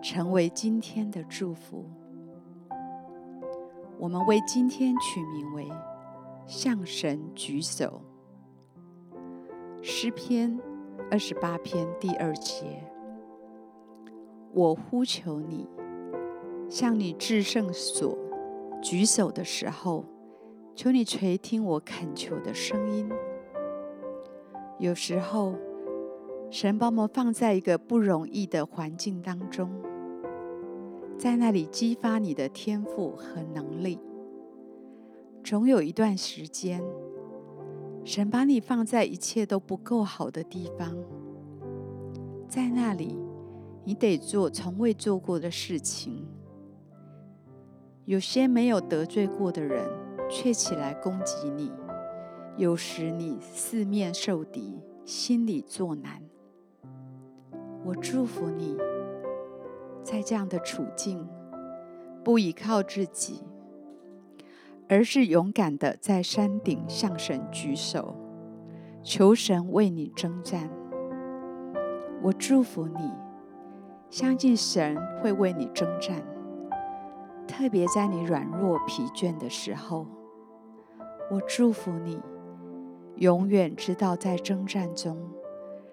成為今天的祝福。我們為今天取名為“向神舉手”。詩篇二十八篇第二節：“我呼求你，向你至聖所舉手的時候，求你垂聽我懇求的聲音。”有時候，神把我們放在一個不容易的環境當中。在那裡激發你的天賦和能力。總有一段時間，神把你放在一切都不夠好的地方，在那裡你得做從未做過的事情。有些沒有得罪過的人卻起來攻擊你，有時你四面受敵，心裡作難。我祝福你。在這樣的處境，不依靠自己，而是勇敢的在山頂向神舉手，求神為你征戰。我祝福你，相信神會為你征戰，特別在你軟弱疲倦的時候。我祝福你，永遠知道在征戰中，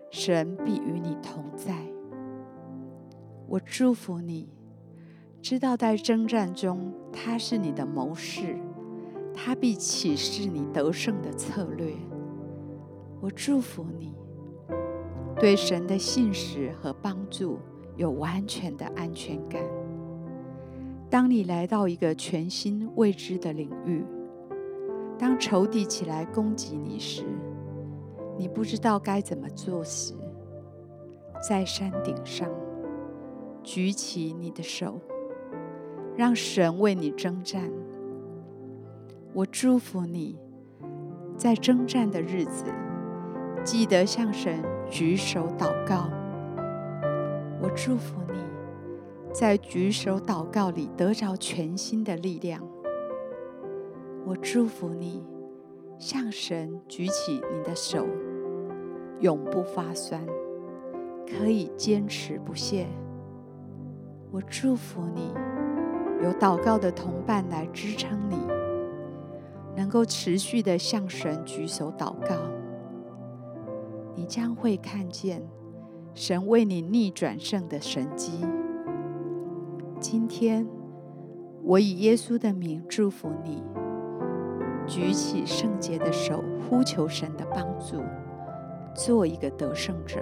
神必與你同在。我祝福你，知道在征戰中他是你的謀士，他必啟示你得勝的策略。我祝福你，對神的信實和幫助有完全的安全感。當你來到一個全新未知的領域，當仇敵起來攻擊你時，你不知道該怎麼做時，在山頂上。舉起你的手，讓神為你征戰。我祝福你，在征戰的日子，記得向神舉手禱告。我祝福你，在舉手禱告裡得着全新的力量。我祝福你，向神舉起你的手，永不發酸，可以堅持不懈。我祝福你，有禱告的同伴來支撐你，能夠持續的向神舉手禱告，你將會看見神為你逆轉勝的神蹟。今天，我以耶穌的名祝福你，舉起聖潔的手，呼求神的幫助，做一個得勝者。